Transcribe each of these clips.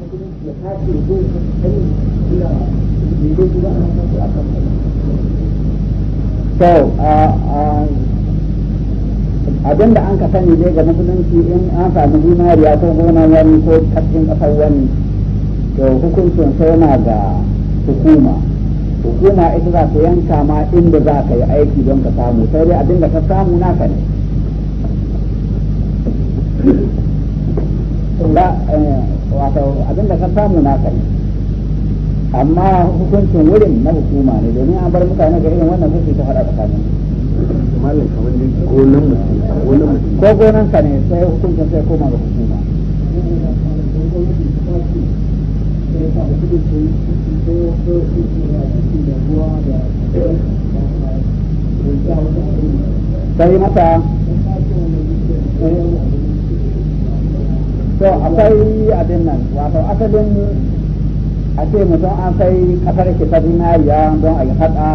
to abin da an ka sani dai ga musulunci in an zinari a ko gona wani ko kashin kasar wani to hukuncin sai na ga hukuma hukuma ita za ta yanka ma inda za ka yi aiki don ka samu sai dai abin da ka samu naka ne eh, wato abinda ka samu na kai amma hukuncin wurin na hukuma ne domin an bar mutane ga irin wannan suke ta faɗa tsakanin ko gonan ka ne sai hukuncin sai koma ga hukuma sai mata to akwai abin nan wato asalin a ce mutum an kai kasar ki ta zinariya don a yi haɗa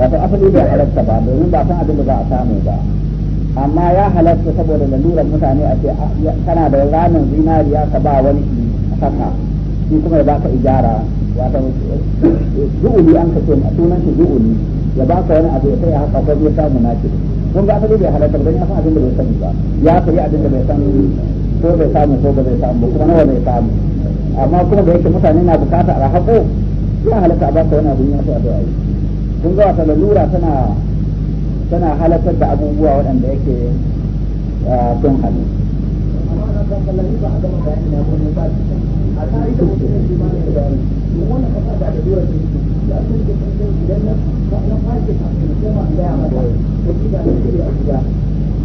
wato asali bai halatta ba domin ba san abin da za a samu ba amma ya halatta saboda lalurar mutane a ce kana da ramin zinariya ka ba wani haka shi kuma ya ka ijara wato zu'uli an ka ce sunan shi zu'uli ya ka wani abu ya sai ya haka ko zai samu na ce kun ga asali bai halatta ba don ya san abin da bai sani ba ya sayi abin da bai sani ko bai samu ko ba zai samu kuma nawa zai samu amma kuma da yake mutane na bukata a haƙo ya halatta a baka wani abin yasu a da yi kun zuwa ta lalura tana tana halartar da abubuwa waɗanda yake sun hannu idan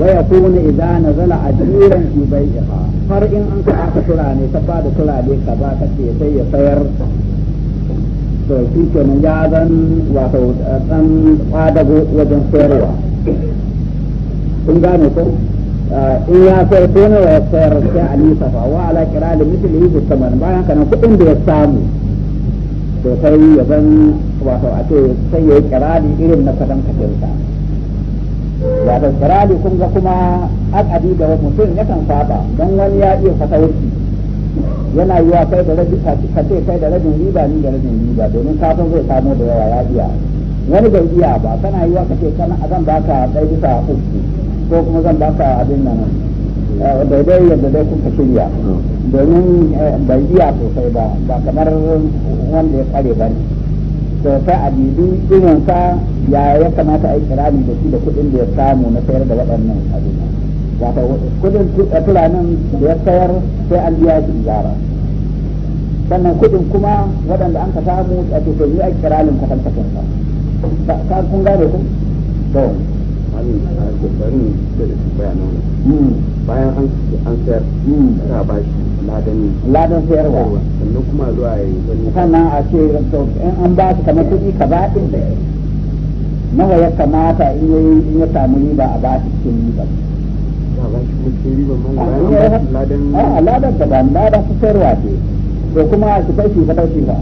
ويكون إذا نزل أجيرا في بيعها har in an ka aka turane ta ba da turane ka za ka ce sayar to shi ya zan wato dan eh, kwadago wajen sayarwa kun gane ko eh, in ya sayar ko nawa ya sayar sai a wa ala da bayan kana kuɗin da ya samu to sai ya zan wato a ce sai ya yi irin na kadan kacinsa da sarali kun ga kuma akadi da mutum ya yakan saba don wani ya iya fatawurki yana yi wa kai da rabin ka ce kai da rabin riba ni da rabin riba domin kafin zai samu da yawa ya iya wani bai iya ba kana yi wa ka ce kana zan baka ɗaya bisa uku ko kuma zan baka abin nan daidai eh, yadda dai kuka shirya domin eh, bai iya sosai ba ba kamar wanda ya kware ba ne sai a bibi irin ka. ya ya kamata a yi kirani da shi da kuɗin da ya samu na sayar da waɗannan ta wato kuɗin turanin da ya sayar sai an biya shi gyara sannan kuɗin kuma waɗanda an ka samu a to yi a kiranin kwatankwatan sa ka kun gane ku to hmm. bayan an an sayar ana hmm. ba shi ladani ladan sayarwa sannan kuma zuwa yi sannan a ce in an ba su kamar kuɗi ka ba ɗin nawa ya kamata in yayi in ya samu riba a bashi cikin riba a ah, ladan da ban lada su sayarwa ce to kuma su kai shi fa dauki ba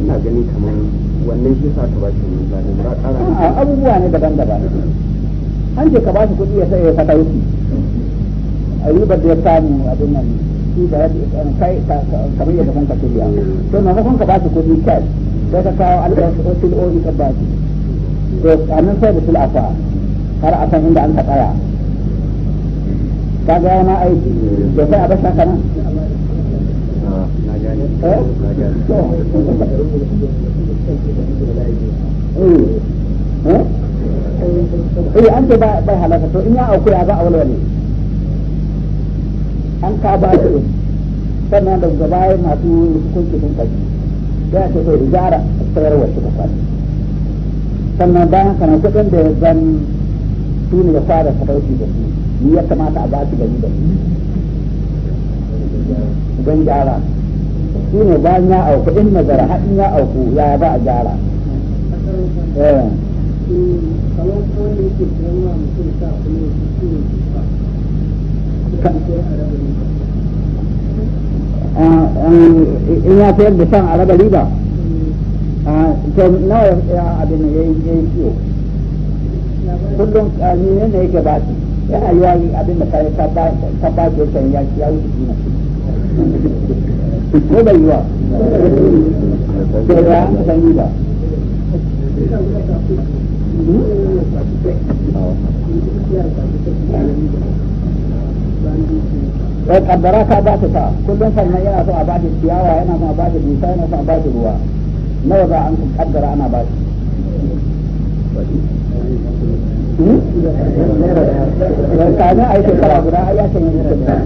ina gani kamar wannan shi sa ka ba shi ladan ba ƙara ah, abubuwa ne daban-daban an ce ka ba shi kuɗi ya sai ya fa dauki a ribar da ya samu abin nan shi da ya kai ka kamar yadda kanka shirya to na ka ba shi kuɗi cash sai ka kawo alƙawarin ka ba shi to anan sai da sulafa har a san inda an ka tsaya kaga yana aiki to sai a bar shaka nan eh an ce bai halaka to in ya auku ya za a wani an ka ba shi sannan da gaba masu hukunci sun kaji za ta sai gyara tsayar wasu da kwari sannan bayan kana kuɗin da ya zan tuni da ya fara sadauki da su ni ya kamata a ba su gani da su don gyara su ne bayan ya auku in nazara har in ya auku ya ba a gyara eh. kamar in ya sayar da shan araba riba to nawa ya fi abin ya yi ciwo kullum ah, ne ne yake ba su yana yi wani abin da kai ka ba ke can ya ya wuce kina ko bai yi wa to ya aka san riba Thank hmm? you. sai kaddara ka ba ta ta kullum sai mai yana so a ba ciyawa yana so a ba dusa yana so a ba ruwa nawa za an kaddara ana ba shi hmm? kamin a yi shekara guda har ya kan yi shekara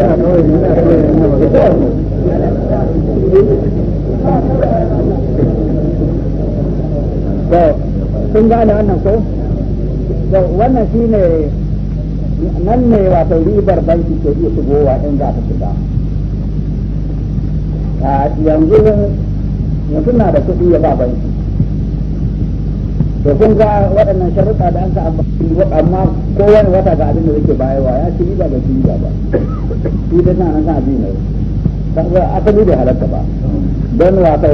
eh? kun gane wannan ko to wannan shine nan ne wato ribar banki ke iya shigowa in za ta shiga a yanzu yanzu na da kuɗi ya ba banki to kun ga waɗannan sharuɗa da an ka amma kowane wata ga abin da yake bayarwa ya ci riba da ci riba ba shi da nan kan abin ne ba asali bai halatta ba don wato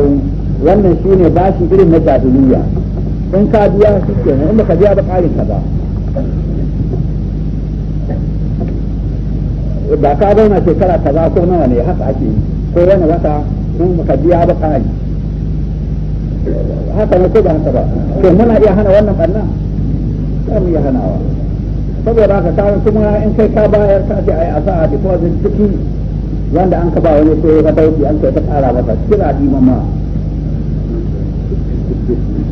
wannan shine bashi irin na jahiliya in ka biya shi ke nan ka biya ba ƙarin kaza ba ka zauna shekara kaza ko nawa ne haka ake yi ko wani wata in ka biya da ƙari haka ne ko ba haka ba to muna iya hana wannan ɓanna za mu iya hanawa saboda haka kayan kuma in kai ka bayar ka ce yi a sa a deposit ciki wanda an ka ba wani sai ya ga dauki an kai ta ƙara masa kira dimama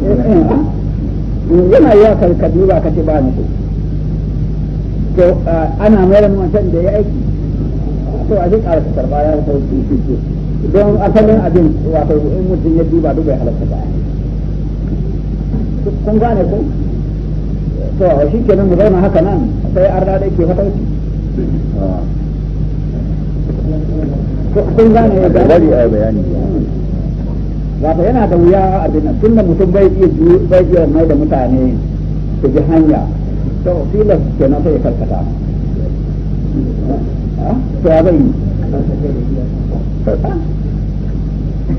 yana yi ka ka ba ka ce ba ni to ana mayar mutum da ya aiki to a shi ƙara karɓa ya sauki don asalin abin wato in mutum ya duba duk bai halatta ba kun gane ko. to shi kenan mu zauna haka nan sai an rada ke fatauci kun gane ya gane wato yana da wuya abin nan tunda mutum bai iya bai iya mai da mutane su ji hanya to filas kenan sai ya karkata ah, to ya bai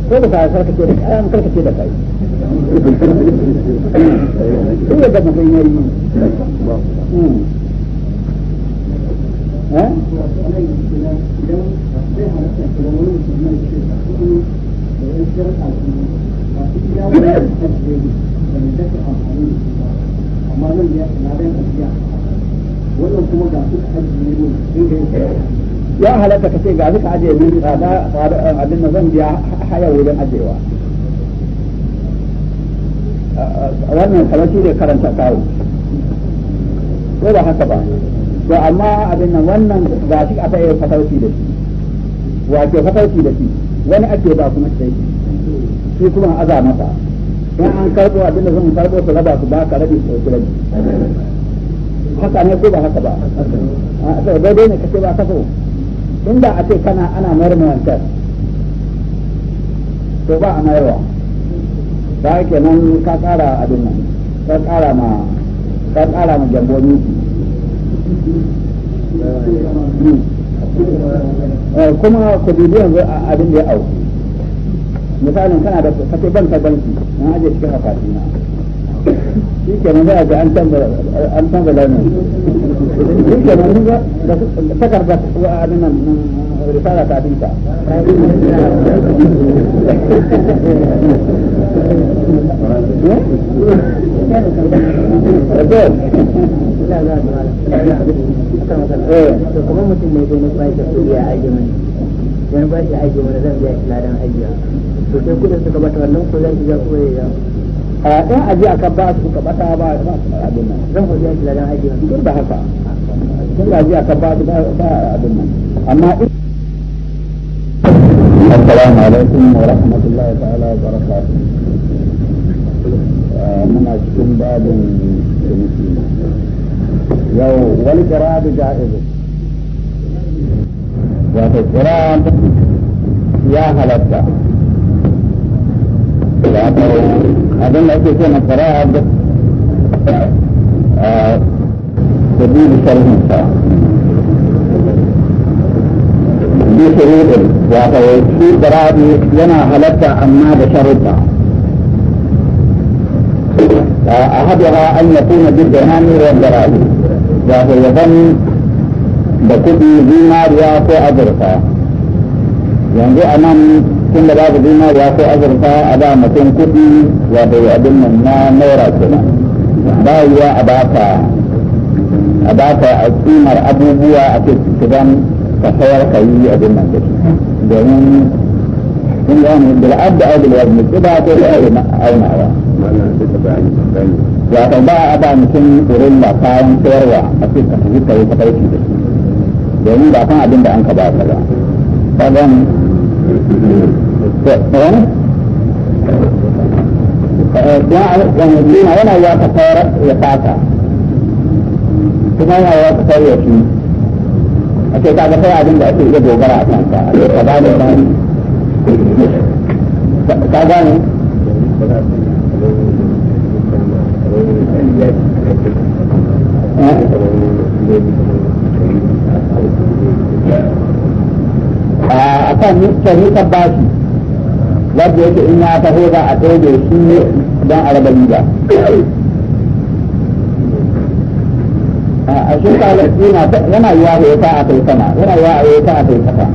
ko da ka karkace da kai an karkace da kai ko da mutum ya yi hmm. eh ya halatta ka ce ga suka ajiye mun tsada eh, abin da zan biya haya wurin ajewa eh, wannan kalashi da karanta kawo ko ba haka ba to amma abin nan wannan ga shi aka yi fatauci da shi wato fatauci da shi wani ake ba kuma sai shi kuma aza mata in an karbo abin da zan karbo su raba su ba ka rabi ko rabi haka ne ko ba haka ba a sai dai ne kace ba ka so inda a ce kana ana mayar mu wancan to ba ana yawa ba nan ka kara abin nan ka kara ma ka kara ma jambo ni. Eh, kuma ku dubi yanzu abin da ya auku misalin kana da kace ta banki na aje cikin akwati na shi ke nan za an canza an canza launin shi ke nan ga takarda abin nan risala ta bita kuma mutum ne zai ba shi kuɗi a ajiye mana yan ba shi ajiye mana zan biya shi ladan ajiya to sai kuɗin suka bata wannan ko zan shiga ko ya a ɗan ajiya ka ba su ka bata ba abin nan zan ko biya shi ladan ajiya duk da haka tun da ajiya ka ba su ba abin nan amma السلام عليكم ورحمة الله تعالى وبركاته آه، من أجل باب يو والقراءة جائزة وفي القراءة يا هلتا أظن أنك تكون القراءة سبيل آه، شرح bi shuruɗin wato shi birabi yana halatta amma da sharuɗa أحدها أن يكون بالدهان والدراهم وهو يظن بكتي ديناريا في أذرقا yanzu a nan tun da babu zinariya ko azurfa a ba mutum kuɗi wa bai abin nan na naira kenan ba yiwa a baka a baka a kimar abubuwa a cikin ka sayar ka yi abin nan da shi domin sun gane bil'adda ai bil'adda ne ba ko da aunawa wato ba a ba mutum irin ba kayan sayarwa a cikin ka tafi ka yi ka da shi domin ba kan abin da an ka ba ka ba kagan yana ya ka sayar ya fata kuma yana ya ka sayar ya shi a ce kaga sai abin da ake iya dogara a kansa a ce ka bani ta ka gane eh? a kan shari'a bashi wadda yake in ya taho za a ɗauke shi don a raba a shi yana yana yiwa ya ta a kai sama yana yiwa ya ta a kai kasa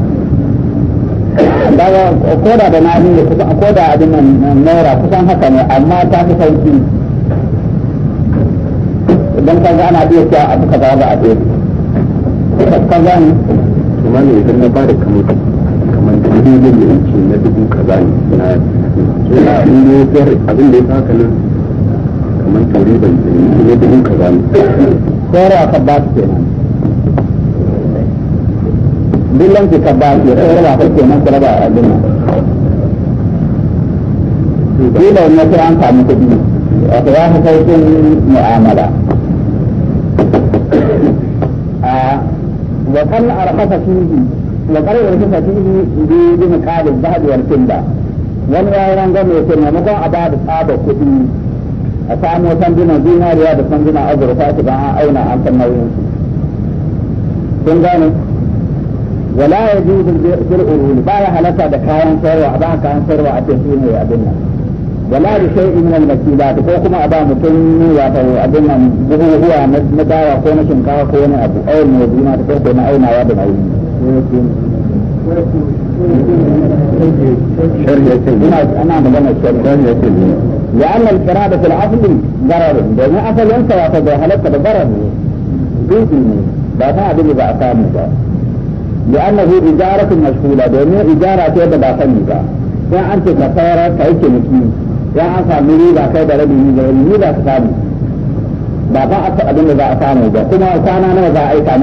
daga koda da nani ne kusan koda abin nan naira kusan haka ne amma ta fi sauki idan ka ana iya cewa abu kaza ba a ce ka gani kuma ne idan na bada kamar kamar dubu ne ne ce na dubu kaza ne na suna abin da ya fi haka nan kamar tauri ban ne dubu kaza ne a sayarwa kabbat kenan dillanci kabbat ya sayarwa ta kenan ku ba a dinnan kila wani sai an samu kuɗi a ya fi sauƙin mu'amala وقل أرخص فيه وقل أرخص yi بمقابل الذهب والفضة wani ya yi rangon ce maimakon a ba da tsaba kuɗi a samu sandunan zinariya da sandunan azurfa su don an auna an san nauyin su kun gane wala ya ji bil uruli ba ya halatta da kayan sayarwa ba kayan sayarwa a cikin ne abin nan wala da sai in nan makila ko kuma a ba mutum ne ya ta abin nan buhuhuwa na dawa ko na shinkawa ko wani abu ayin ne zina da ko na aunawa da nauyi ina ana magana shari'a لأن القراءة في الأصل ضرر لأن أصل أنت وأصل هلك بضرر جزء بعد هذا اللي بأسامي لأنه إجارة مشغولة دون إجارة تيبا بأسامي يا أنت كفارة كيك نكي يا أنت مريضة كيبا ربي ميزة ميزة تسامي ba ba a abin da za a samu ba kuma kwana nawa za a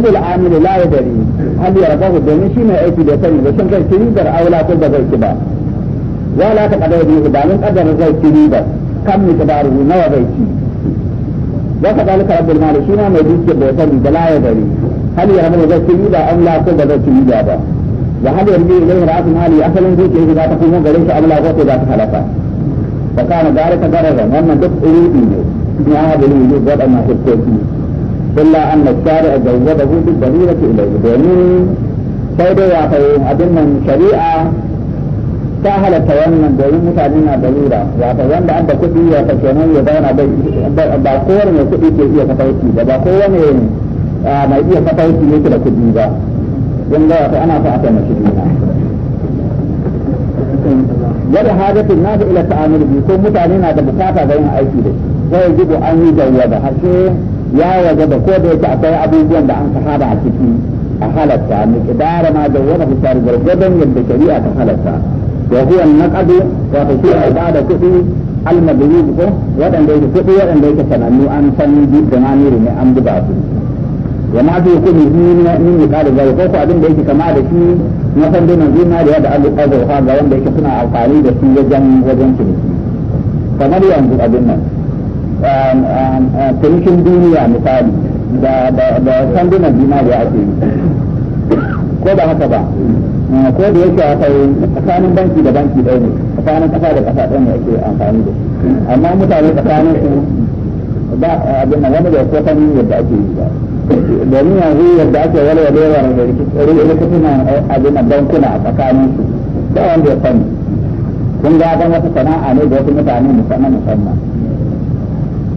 aika ni a hal yarbahu domin shi mai aiki da sani ba shin zai ci ribar aula ko ba zai ci ba wala ta kadar bihi ba mun kadar zai ci ribar kan mi kadaru nawa zai ci wa kadalika rabbul mali shi ma mai dukiyar da sani da la ya dari hal yarbahu zai ci riba aula ko ba zai ci riba ba wa hal yarbi ilayhi ra'atul mali asalin dukiyar za ta kuma gare shi aula ko za ta halaka fa kana dalika darara wannan duk urudi ne ya ne waɗannan hukoki tsari a da hudu da جوزه بالضرورة ilai domin sai dai ya fayi abin nan shari'a ta halatta wannan domin mutane na da ya fayi wanda an da kuɗi ya fa kenan ya zauna ba kowane mai kuɗi ke iya kafarki ba ba kowane mai iya kafarki yake da kuɗi ba don ga wata ana fa a taimaki juna wani hajjatin na da ila ta'amul ko mutane na da bukata ga yin aiki da shi sai jibo an yi jawwada da haske. ya waje da ko da yake akwai abubuwan da an sahaba a ciki a halatta mu kidara ma da wani fitar gargadon yadda shari'a ta halatta wa huwa an-naqd wa shi ibada kudi al-madrid ko wadanda yake kudi wadanda yake sanannu an san duk da ne an buga su wa ma fi ni min min qala da ko ko abin da yake kama da shi na san dinan zinariya da Allah qadar ga wanda yake suna amfani da shi wajen wajen ciniki kamar yanzu abin nan cikin um, um, uh, duniya misali da sandunan da ake yi ko ba haka ba uh, ko da yake akwai tsakanin banki da banki ɗaya ne tsakanin ƙasa da ƙasa ɗaya ne ake amfani da amma mutane tsakanin su ba abin da wani da ko sanin yadda ake yi ba domin yanzu yadda ake walwalewar rikicin eh, abin nan bankuna a tsakanin su ba wanda ya sani kun ga wata sana'a ne da wasu mutane musamman musamman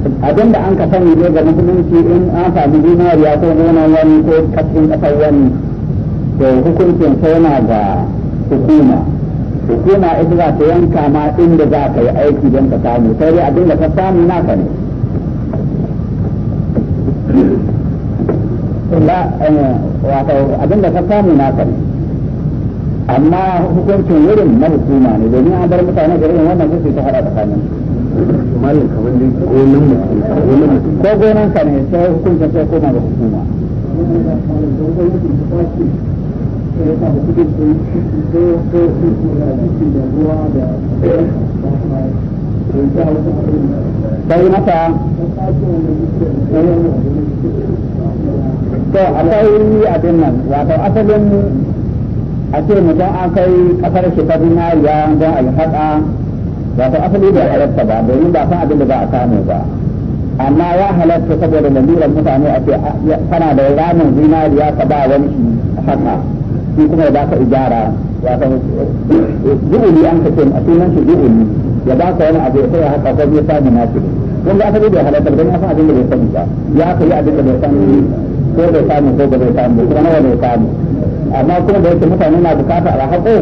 Abin da an ka sani ne ga musulunci in an sami zinariya ko nuna wani ko kafin kasar wani to hukuncin sai na ga hukuma hukuma ita za ta yanka ma inda za ka yi aiki don ka samu sai dai da ka samu naka ne eh, da ka samu naka ne amma hukuncin wurin na hukuma ne domin an bar mutane da irin wannan su ta hada su malam kamar dai gonan mutum gonan mutum ko gonan ka ne sai hukunta sai koma ga hukuma mata to akwai abin nan wato asalin a ce mutum an kai kasar shi zinariya don alhaka wato asali bai halatta ba domin ba san abin da za a samu ba amma ya halatta saboda laluran mutane a ce kana ah, da ramin zinariya ka ba wani haka shi kuma ya baka ijara an kace a sunan shi ya baka wani abu ya haka ko samu kun ga asali halatta don abin da bai sani ba ya ka yi abin da bai sani ko bai samu ko bai samu kuma nawa bai samu amma kuma da yake mutane na bukata a haƙo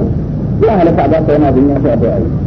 ya halatta ba ka ya a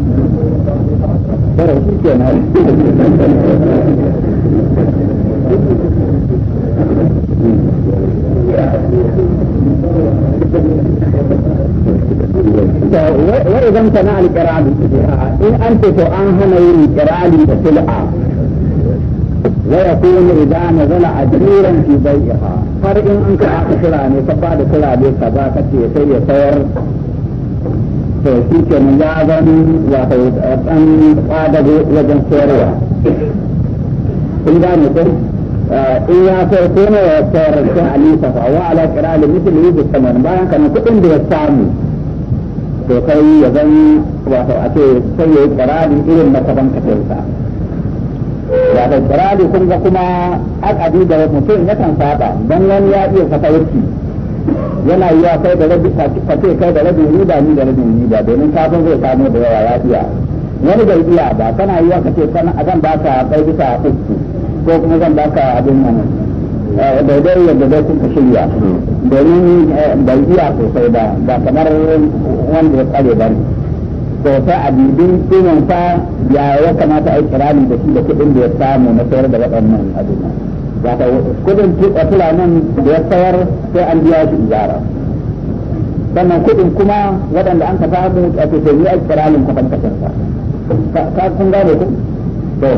ترى شو كان هذا وإذا امتنع لقراءة إن أنت تؤهن لقراءة بسلعة ويكون إذا نزل أجيرا في بيعها har إن an ka aka kira ne ka ba da to shi ke nan ya zama wato eh, wajen sayarwa kun gane ko eh, in ya sayar ko na ya sayar sun alisa fa wa ala kira da yi da bayan kan kuɗin da ya samu to kai ya zama wato a ce sai ya irin wato kun ga kuma akadi da mutum yakan saba dan wani ya iya kafarki yana yi kai da rabi kace kai da rabin riba ni da rabin riba domin ka san zai samu da yawa ya iya wani bai iya ba kana yi kake kace kana zan baka kai bisa uku ko kuma zan baka abin nan eh, daidai yadda dai kuka shirya domin eh, bai iya sosai ba ba kamar wanda ya tsare ba to sai a bibin kimansa ya ya kamata a yi kirani da shi da kuɗin da ya samu na sayar da waɗannan abin wata kudin tuɓa nan da ya sayar sai an biya shi ijara sannan kudin kuma waɗanda an ka samu a ce yi a kiralin kwakwal kashin sa ka kun gane ku to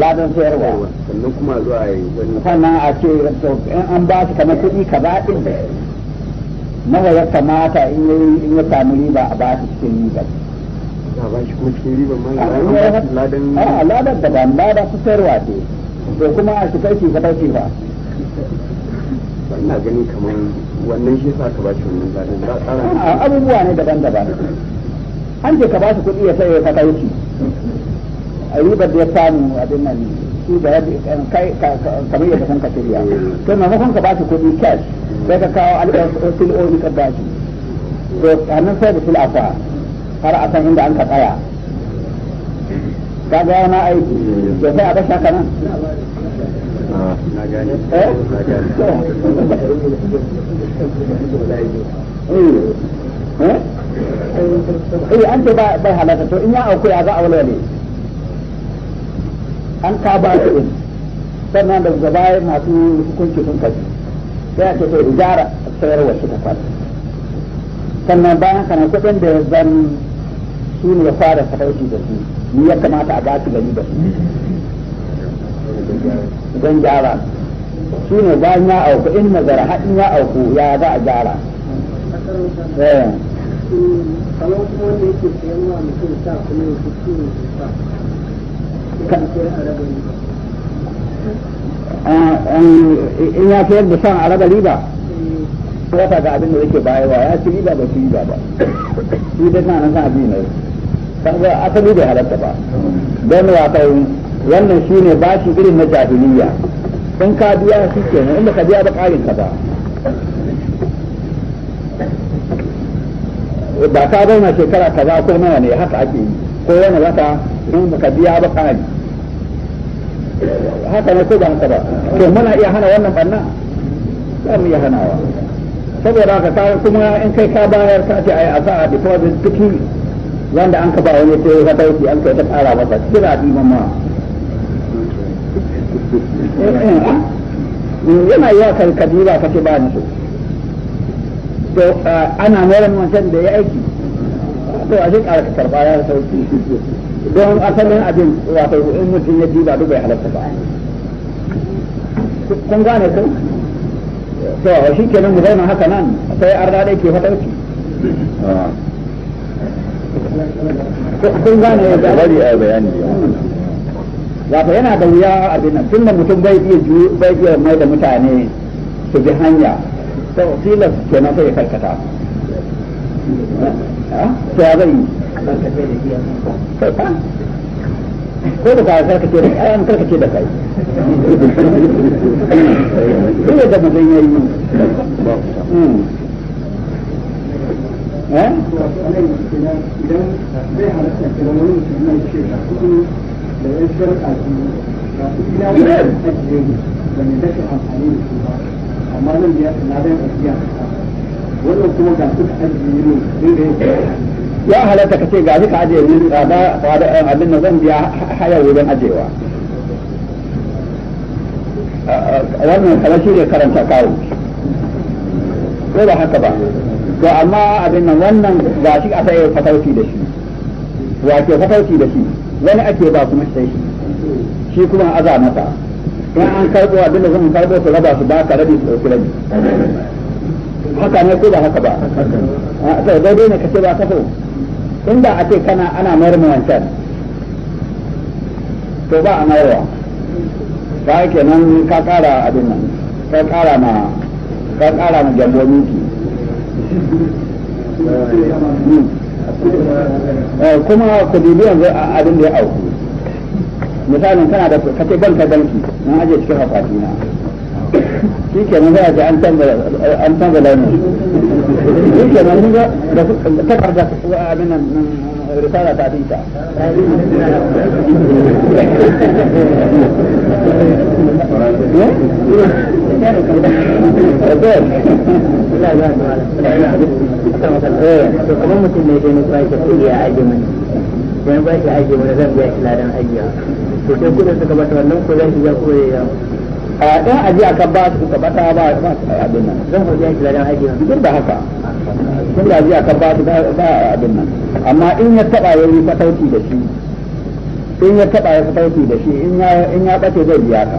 ladan sayarwa sannan kuma zuwa yi sannan a ce in an ba shi kamar kuɗi ka ba ɗin nawa ya kamata in ya samu riba a ba shi cikin riba a ba shi kuma cikin riban ma ladan a ladan da ba lada su sayarwa ce to kuma a shi kai ka dauke ba ina kamar wannan shi sa ka ba shi wannan ladan ba tsara abubuwa ne daban-daban an ce ka ba su kuɗi ya sai ka saka a ribar da ya samu abin nan shi da kai kamar yadda kan ka shirya to maimakon ka ba kuɗi cash sai ka kawo ka ba shi to a nan sai da har a inda an ka tsaya ka ga yana aiki to sai a bar shaka nan eh? eh eh an ce ba bai halatta to in ya auku ya za a ne an ka ba su in sannan da gaba masu hukunci sun kaji sai a ce to ijara sayarwa shi ta kwata sannan bayan kana kudin da zan su ne ya fara fatauci da su ni ya kamata a ba su gari da su don gyara su ne ba ya auku in nazara haɗin ya auku ya za a gyara eh. um, eh, in ya sayar da san a riba wata ga abin da yake bayarwa ya ci riba ba ci riba ba shi dai na nan biyu na ne kaga asali bai halatta ba don wato wannan shine bashi irin na jahiliya in ka biya shi nan inda ka biya ba ƙarin ka ba ba ka zauna shekara ka za ko nawa ne haka ake yi ko wani wata in ka biya ba ƙari haka ne ko ba haka ba to muna iya hana wannan banna za mu iya hanawa saboda haka kuma in kai ka bayar ka ce ai a za a deposit duk wanda an kaba wani sai ya dauki an kai ta tsara masa kira bi mamma yana yi wa karkabi ba kace ba ni so to ana mayar mutum da ya aiki to a shekara ka karba ya sauki don asalin abin wato in mutum ya diba duk bai halatta ba kun gane kun to shi kenan mu zauna haka nan sai an rada ke fatauci kun gane yadda bari a bayani wato yana da wuya abin nan tunda mutum bai iya bai iya mai da mutane su bi hanya sai tilas kenan sai ya karkata ah, to ya zai ko da ba karkace da ai an karkace da kai duk da mutum yayi Eh? ya halatta kiran ga su ajiye ne da ba biya da ya abin da zan biya haya wurin ajiyewa eh, eh, wannan kalashi ne karanta kawo ko ba haka ba to amma abin nan wannan ga shi a sai fatauci da shi wa ke fatauci da shi wani ake ba kuma sai shi shi kuma aza masa in an karbo abin da zan karbo su raba su ba ka rabi su dauki rabi haka ne ko ba haka ba sai daidai ne kace ba kafo inda ake kana ana mayar mu wancan to ba a mayarwa ba kenan ka kara abin nan ka kara ma ka kara ma jambo ki Eh, kuma ku dubi yanzu abin da ya auku misalin kana da kace banka banki na aje cikin akwati na shi ke nan za a ji an canza launin shi ke nan ga da takarda abin nan risala ta dinta kamar mutum ne gani ba shi kuɗi a ajiye mana ba shi ajiye mana zan biya shi ladan ajiya to sai kuɗin suka bata wannan ko za shi ya ya a dan aji aka ba su ka bata ba ba abin nan zan biya shi ladan ajiya duk da haka tun da aji aka ba su ba abin nan amma in ya ya yayi fatauci da shi in ya taɓa ya fatauci da shi in ya in zai biya ka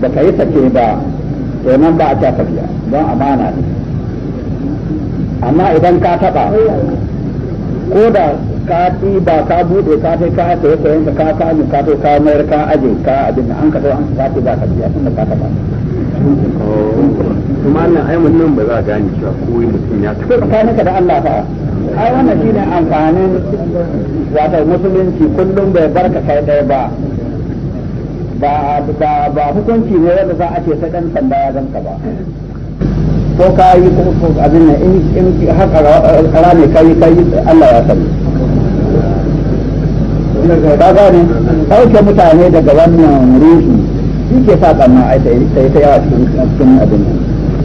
ba ka yi sake ba to nan ba a ta tafiya don amana ne amma idan ka taɓa ko da ka ba ka buɗe ka sai ka saye sayen yanka ka kame ka to ka mayar ka aje ka abin da an ka an ka ce ba ka biya da ka taɓa oh, kuma nan ai mun nan ba za a gane cewa ko mutum ya taɓa tsakaninka da Allah fa ai wannan shine amfanin wato musulunci kullum bai barka kai ɗaya ba ba ba hukunci ne wanda za a ce sai dan sanda ya zanka ba ko ka yi ko abin ne in in haka kara ne kai kai Allah ya sani ka gane ke mutane daga wannan ruhi shi ke sa a ai sai ta yawa cikin abin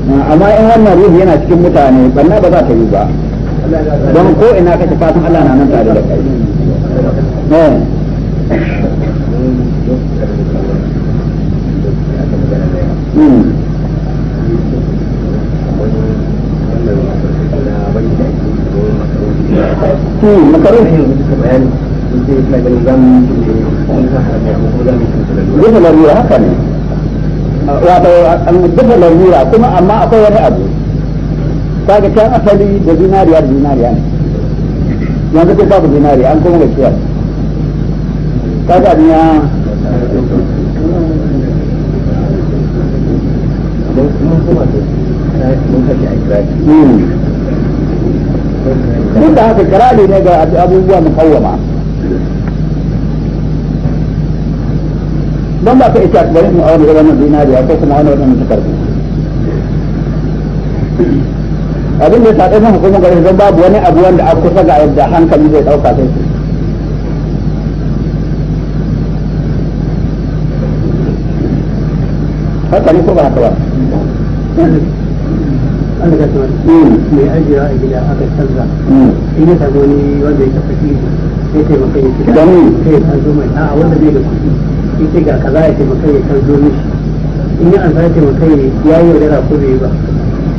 nan amma in wannan ruhi yana cikin mutane banna ba za ta yi ba don ko ina ka fatan Allah na nan tare da kai eh. ina ganin zan duka larura haka ne wato kuma amma akwai wani abu kaga can asali da zinariya da zinariya ne yanzu babu zinariya an da kiyar kaga abin ya hmm. duk da haka kirari ne ga abubuwa mukawwama don ba ka ita a bari mu auna da wannan dinariya ko kuma auna wannan takardu abin da ya saɗe sun hukumar gari don babu wani abu wanda aka kusa ga yadda hankali zai ɗauka sai su haka ne ko ba haka ba Allah ka tsawar hmm. mai ajiyewa a gida aka canza hmm. in ya samu wani wanda ya tafi sai taimaka ya fita sai ya canzo mai a wanda zai da kuɗi in ce ga kaza ya taimaka ya zo mishi in yi an sa taimaka ya yi yaudara ko bai ba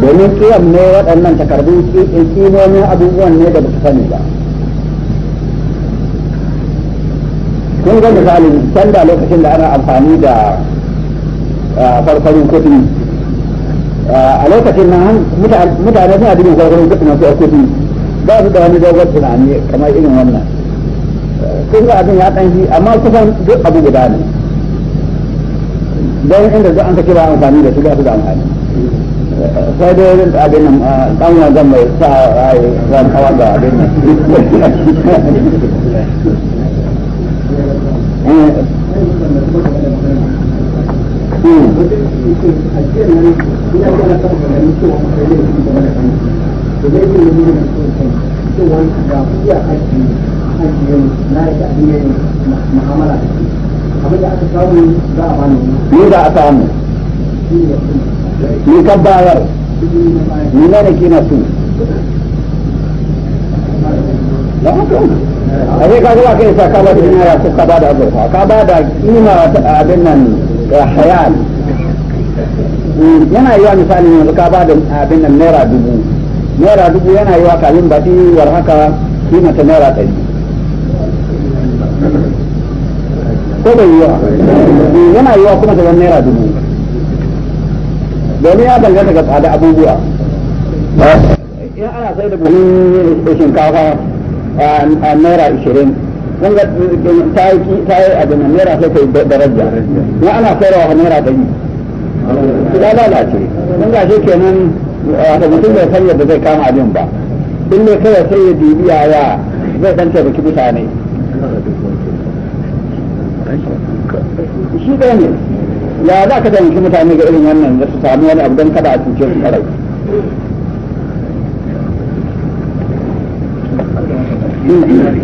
domin kiyam ne waɗannan takardu eh, kimomin abubuwan ne da ba sani ba kun ga misali can da lokacin da ana amfani da ah, farfarin kudi ah, a lokacin nan mutane suna dubin farfarin kudi masu kudi ba su da wani dogon tunani kamar irin wannan kun ga abin ya ɗan amma kusan duk abu guda ne don inda za an kira amfani da su ba su da amfani sai dai irin abin nan dan wajen mai sa rayu ran hawa ga abin nan eh. hmm. Ni da aka samu. ni ka bayar ni ne da kina su da haka a zai ka zuwa kai sa ka ba da dinara ko ka ba da azurfa ka ba da kima abin nan eh, hayal yana wa misali yanzu ka ba da abin nan naira dubu naira dubu yana wa kalin baɗi war haka kima ta naira ɗari ko bai wa yana wa kuma ta zan naira dubu domin ya danganta ga tsada abubuwa in ana sai da buhun shinkafa a naira ishirin kun ga ta yi abin nan naira sai kai daraja in ana sayarwa naira ɗari ya lalace kun ga shi kenan wata mutum bai san yadda zai kama abin ba in ne kawai sai ya dibi yaya zai dan taimaki mutane shi ne ya za ka taimaki mutane ga irin wannan da su samu wani abu don kada a cuce su karai a zinari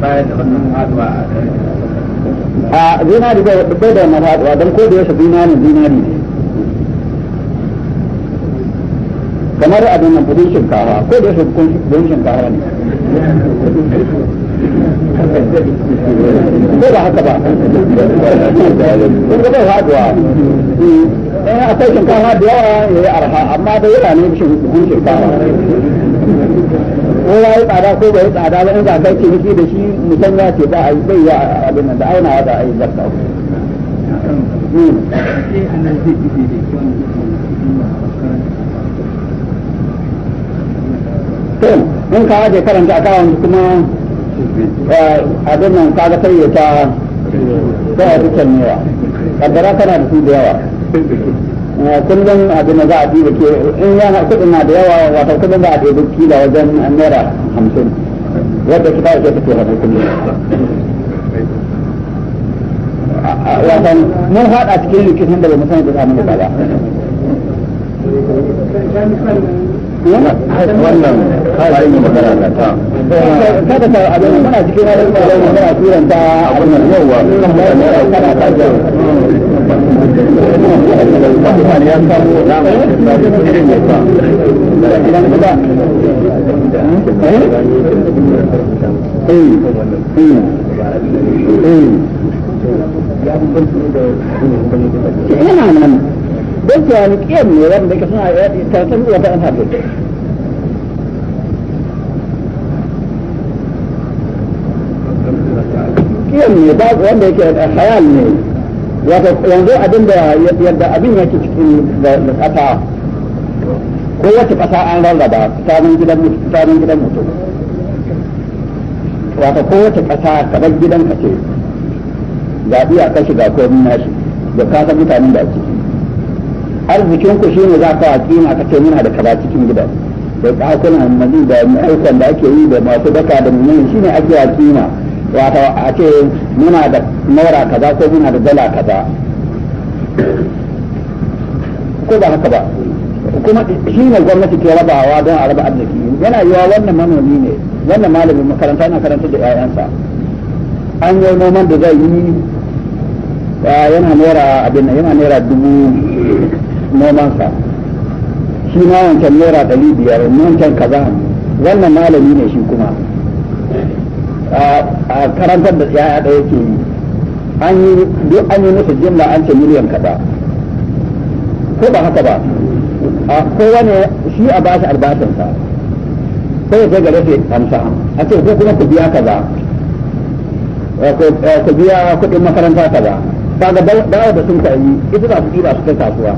bai da wani haduwa don ko da yaushe zinari zinari ne kamar abin nan kudin shinkawa ko da yaushe kudin shinkawa ne ko ba haka ba kun ga eh akwai shinkafa da yawa ya eh, yi arha amma da ne shi hukun shinkafa ko ya yi tsada ko bai yi tsada ba in za ka ciniki da shi musan ya ce ba a yi bai ya abin nan da auna da a yi zakka hmm. to in ka aje karanta akawun kuma abin nan kaga sai ya ta sai ya cannewa kaddara kana da su da yawa kullum abin da za a da ke in yana kuɗin na da yawa wata kullum za a ɗiba kila wajen naira hamsin wadda kita ake take wata kullum wata mun haɗa cikin rikicin da ba mu sani da samun ba ba wannan ainihin magana ta kada ka abin muna cikin wani tsaron muna turanta abin nan yawa kada ka ja Mutane ya samu nama da irin ya sa. Idan ka ba. Eh? Eh. Eh. Yana nan. Don kuwa ni kiyar ne wanda ka suna tattalin wata ɗan hafi. tafiyan ne ba wanda yake da hayal ne wato yanzu abin da yadda abin yake cikin da kasa ko wata kasa an rarraba tsarin gidan tsarin gidan mutum wato ko wata kasa kamar gidan ka ce ga iyakar shi ga komai nashi da ka san mutanen da ciki arzikin ku shine za ka kima ka ce muna da kaza cikin gidan da ɗakunan mazi da aikon da ake yi da masu daka da mummuni shine ake kima wato a ce muna da naira kaza ko muna da dala kaza ko ba haka ba kuma shi ne gwamnati ke rabawa don a raba arziki yana yiwa wannan manomi ne wannan malamin makaranta na karanta da 'ya'yansa an yi noman da zai yi yana naira abin nan yana naira dubu nomansa shi ma wancan naira ɗari biyar wancan kaza wannan malami ne shi kuma a karantar da yaya ɗaya ke yi an yi duk an yi musu jimla an ce miliyan kaza ko ba haka ba a kowane shi a bashi albashinsa sai ya gare shi amsa a ce ko kuma ku biya kaza eh, eh, ku biya kuɗin makaranta kaza kaga dawo da sun kai ita za su kira su kai kasuwa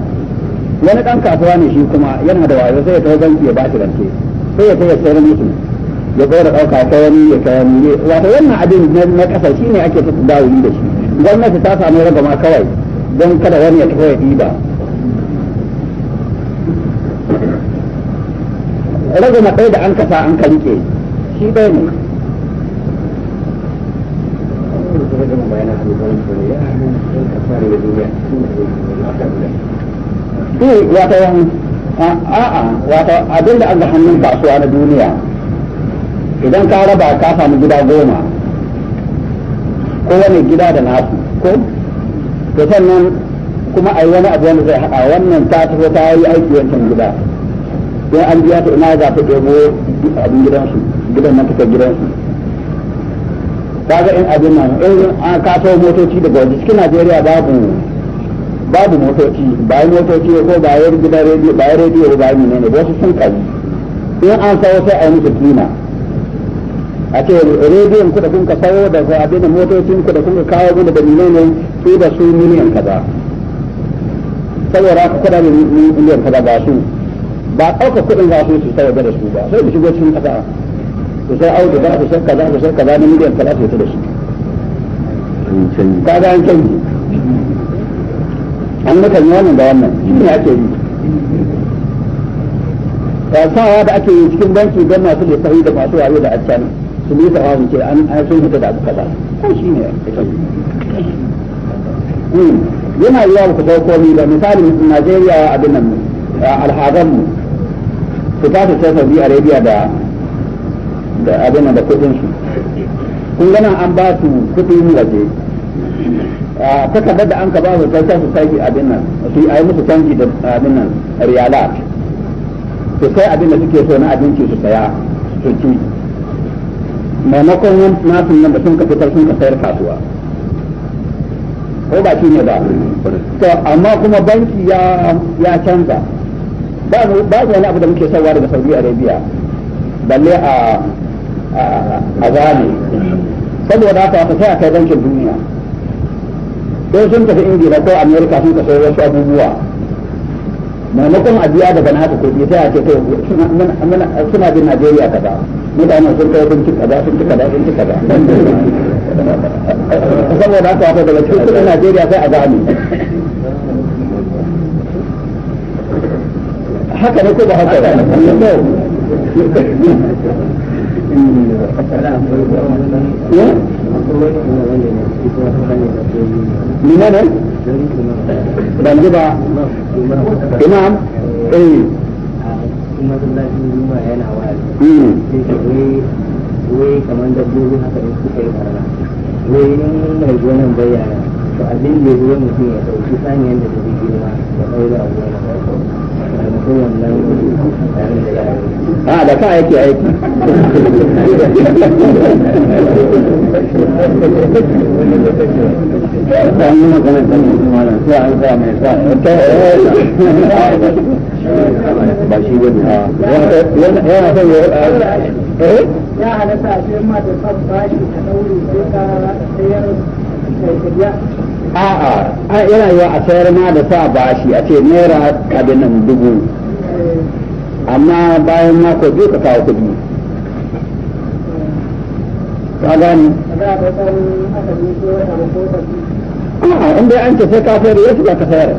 wani ɗan kasuwa ne shi kuma yana da wayo sai ya tawo banki ya bashi rance sai ya kai ya sayar musu ya zo da ɗauka ta wani ya ta wani ne wato wannan abin na ƙasa shi ne ake ta dawuri da shi gwamnati ta samu ragama kawai don kada wani ya tafi ya ɗiba ragama ɗaya da an kasa an kalike shi ɗaya ne wata yan a'a wata abin da an ga hannun kasuwa na duniya idan ka raba ka samu gida goma wani gida da nasu ko to sannan kuma a yi wani abu wanda zai haɗa wannan ta tafi ta yi aiki wancan gida don an biya ta ina za ta ɗebo abin gidansu gidan nan tafi gidansu kaga in abin nan in an kaso motoci daga waje cikin najeriya babu babu motoci ba motoci ko ba yi gidan rediyo ba yi rediyo ba yi ne wasu sun kai in an sayo sai a yi musu kima a ce rediyon ku da kun ka sayo da bi da motocin ku da kun ka kawo mana da miliyan su da su miliyan kaza saboda ku da miliyan kaza ba su ba ɗauka kuɗin za su su sayo da su ba sai da shigo cikin ƙasa su sai auda za su sai kaza su sai kaza na miliyan kaza su da su ga an canji an mutan yi wannan da wannan shi ne ake yi sawa da ake yi cikin banki don masu lissafi da masu wayo da a can su bi ta wawun ce an sun fita da abu kaza ko shi ne hmm. yana yiwa ku dau komi ba misali Najeriya abin nan alhazan mu su ta su sai Saudi Arabia da da abin nan da kudin su kun gana an ba su kudin waje takardar da an ka ba su sai sai su sai abin nan su yi musu canji da abin nan riyalat su sai abin da suke so na abinci su saya su ci maimakon yin nasin nan da sun ka fitar sun ka sayar kasuwa ko ba shi ne ba to amma kuma banki ya ya canza ba mu ba wani abu da muke sayarwa daga Saudi Arabia balle a a zane saboda haka ka sai a kai bankin duniya don sun tafi Ingila ko Amerika sun ka sayar wasu abubuwa maimakon a biya daga naka ko sai a ce kai suna bin Najeriya kaza mutane sun kai sun ci kaza sun ci kaza sun ci kaza saboda haka daga cikin kudin Najeriya sai a gane haka ne ko ba haka ba Menene? Ban ji ba. Imam? Eh. cikin masallacin juma yana wa'azi hmm. sai ka wai kamar dabbobi haka ne suka yi barna wai in mai gonan bayyana to abin da ya mutum ya ɗauki saniyar da ta girma ya ɗaura a gonan a ah, da ka aiki aiki an yi magana da mutum malam sai an sa mai sa ba shi ba ne ah. yana son ya ah, eh ya halatta a cikin mata kan bashi da daure sai ka sayar da a'a yana yiwa a sayar ma da sa bashi a ce naira abinan dubu eh. amma bayan mako biyu ka kawo kuɗi ka gani a'a in dai an ce sai ka sayar ya ba ka sayar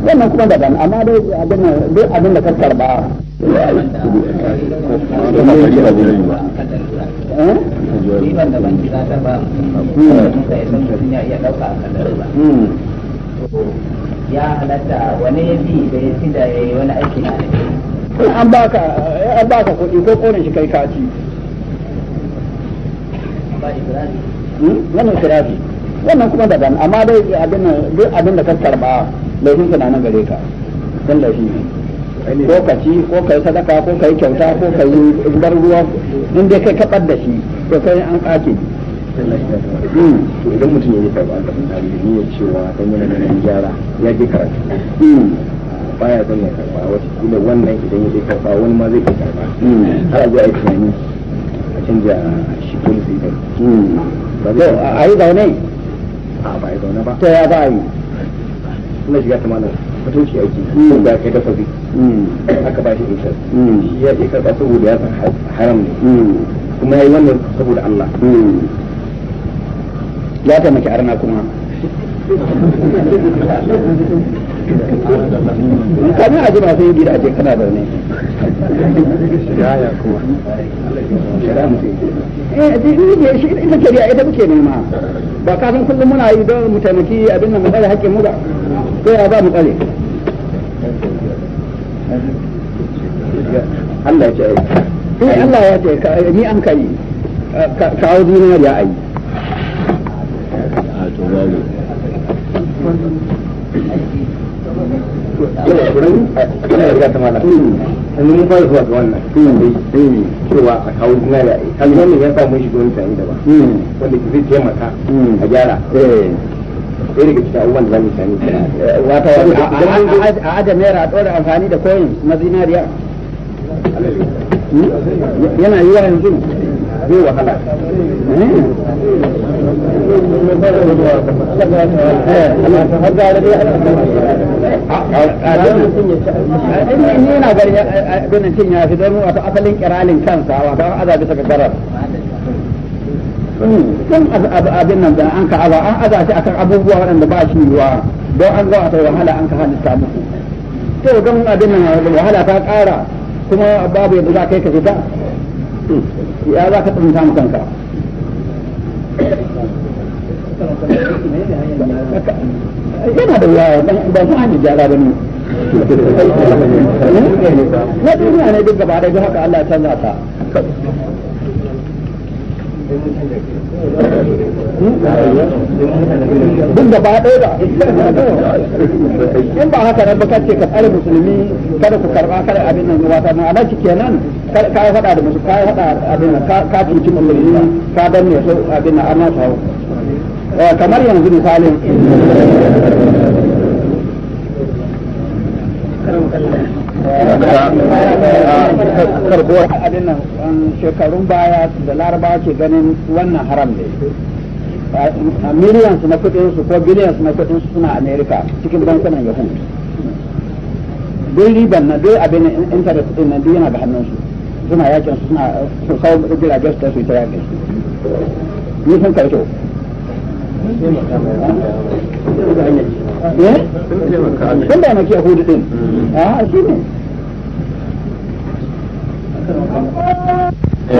wannan kuma daban amma dai abin da abin da ka karba ya halatta wani ya bi da ya ci da ya yi wani aiki na an baka an baka kuɗi ko ƙonin shi kai kaci hmm? wannan kirafi wannan kuma daban amma dai abin abin da ka karba laifin ka na nan gare ka dan laifin ne ko ka ci ko ka yi sadaka ko ka yi kyauta ko ka yi zubar ruwa in dai kai kabar da shi to kai an kake mm. ya yi an da ya cewa dan yana nan gyara ya karatu a yi ba a yi zaune ba yi zaune ba yi suna shiga ta mana mutunci aiki sun da kai dafa bi hmm. aka ba shi intar hmm. shi ya ke karɓa saboda ya san haram ne hmm. kuma ya yi wannan saboda Allah ya taimaki arna kuma kami a jima sai gida kana da ne eh, ita shari'a ita muke nema ba ka kullum muna yi don mu taimaki abin nan mu ba ba mu Allah ya ce eh, Allah ya ce ni an kai kawo ayi ina riga ta mala zuwa ga wannan cewa a kawo zinariya a kan wannan ya samu shi da ba wanda zai taimaka a gyara daga cikin abubuwan da a naira a amfani da koyin na zinariya yana yiwa yanzu zai wahala eh. ni na ganin abin cin ya don wato asalin kiralin kansa an aza bisa abin nan da an ka aza an aza shi akan abubuwa waɗanda ba shi yiwa don an zuwa wahala an ka halitta muku to gan abin nan wahala ta ƙara kuma babu yadda za ka yi ka fita ya za ka tsunta mu kanka yana da yawa ba mu hanyar gyara ba ne na duniya ne duk gaba ɗaya haka Allah ya canza ta duk ba ɗaya ba in ba haka nan ba ka ka tsare musulmi kada ku karɓa kada abin nan wata na alaci kenan ka yi haɗa da musu ka yi haɗa abin nan ka cuci musulmi ka danne su abin nan an nasa Eh, kamar yanzu misalin karbuwar abin nan shekarun baya da laraba ke ganin wannan haram ne miliyan su na kudin su ko biliyan su na kudin su suna amerika cikin bankunan yahoo duk riban na duk abin intanet din nan duk yana ga hannun su suna yakin su suna sau kawo jiragen su ta su yi ta yakin su ni sun karto sun da maki a hudu din a shi ne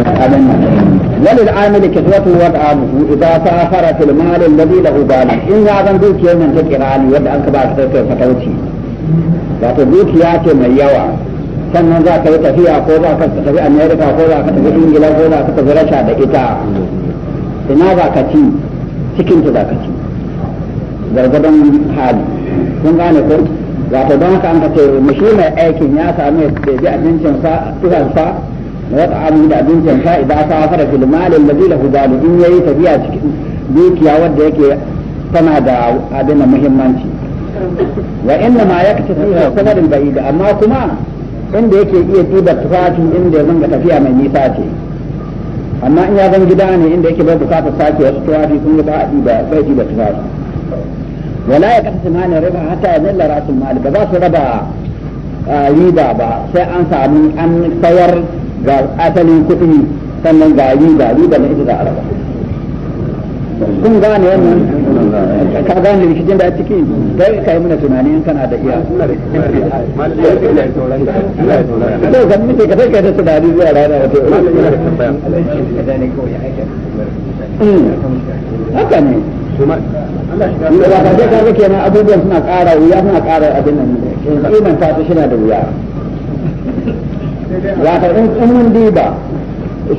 walil amil kiswatu wa ta'abuhu idza ta'akhara fil mal alladhi lahu bala in ya zan dukiyar nan ta kirani wanda an ka ba ta ta fatauci wato dukiya ce mai yawa sannan za ka yi tafiya ko za ka tafi Amerika ko za ka tafi ingila ko za ka tafi rasha da ita ina za ka ci cikin ta zaka ci gargadon hali kun gane ko wato don haka an ka ce mashi mai aikin ya samu ya bi abincin sa turan sa wa amu da abincin sa idan sa fara fil mal da lahu balu in yi tafiya cikin dukiya wadda yake tana da abin muhimmanci wa inna ma yakta fiha sanarin da amma kuma inda yake iya tuba tufafi inda ya zanga tafiya mai nisa ce amma in ya zan gida ne inda yake bai bukatar sake wasu tuwafi sun yi ba'adi da baiti da tuwafi wala ya kasa simani riba hata ya zalla rasul mali ba za su raba riba ba sai an sami an sayar ga asalin kuɗi sannan ga riba riba na ita za a raba gane wannan ka gane shi da a ciki kai kai muna tunani in kana da iya to ga muke ka sai ka da tsadi zuwa rana to haka ne ba ka sai ka ga kenan abubuwan suna ƙara wuya suna ƙara abin nan ne iman ta ta shina da wuya ta in mun diba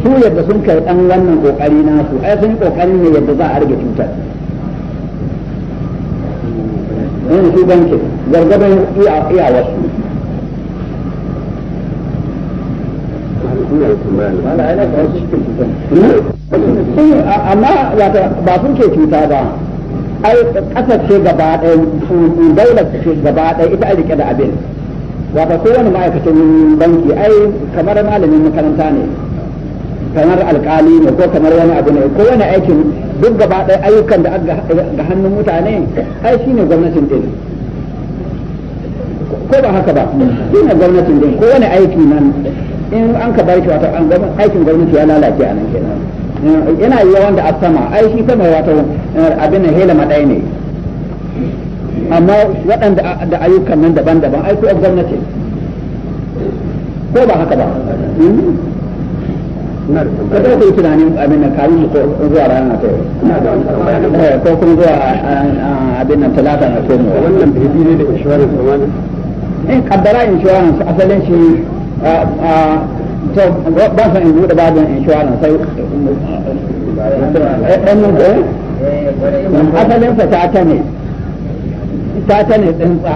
su yadda sun kai dan wannan kokari nasu ai sun kokari ne yadda za a rage cutar in su banki gargadan iya wasu hmm? amma ba sun ke cuta ba ai ƙasar ce gaba ɗaya daular ce gaba ɗaya ita a rike da abin wata kowane ma'aikacin banki ai kamar malamin makaranta ne kamar alkali ne ko kamar wani abu ne ko wani aikin duk gaba ɗaya ayyukan da ga hannun mutane ai shi ne gwamnatin din ko ba haka ba shi ne gwamnatin din ko wani aiki nan in an ka bar wata an aikin gwamnati ya lalace a nan kenan yana yi yawan da asama ai shi sama wata eh, abin hela madai ne amma waɗanda da ayyukan nan daban-daban ai ko gwamnati ko ba haka ba hmm? ka da ku tunanin abin da kafin su zuwa rana ta yau eh, ko kuma zuwa eh, abin da talata na komo wannan bibi ne da insurance ba ne eh kaddara insurance asalin shi eh, to ba san in bude babin insurance sai ɗan mun asalin sa ta ne ta ne tsintsa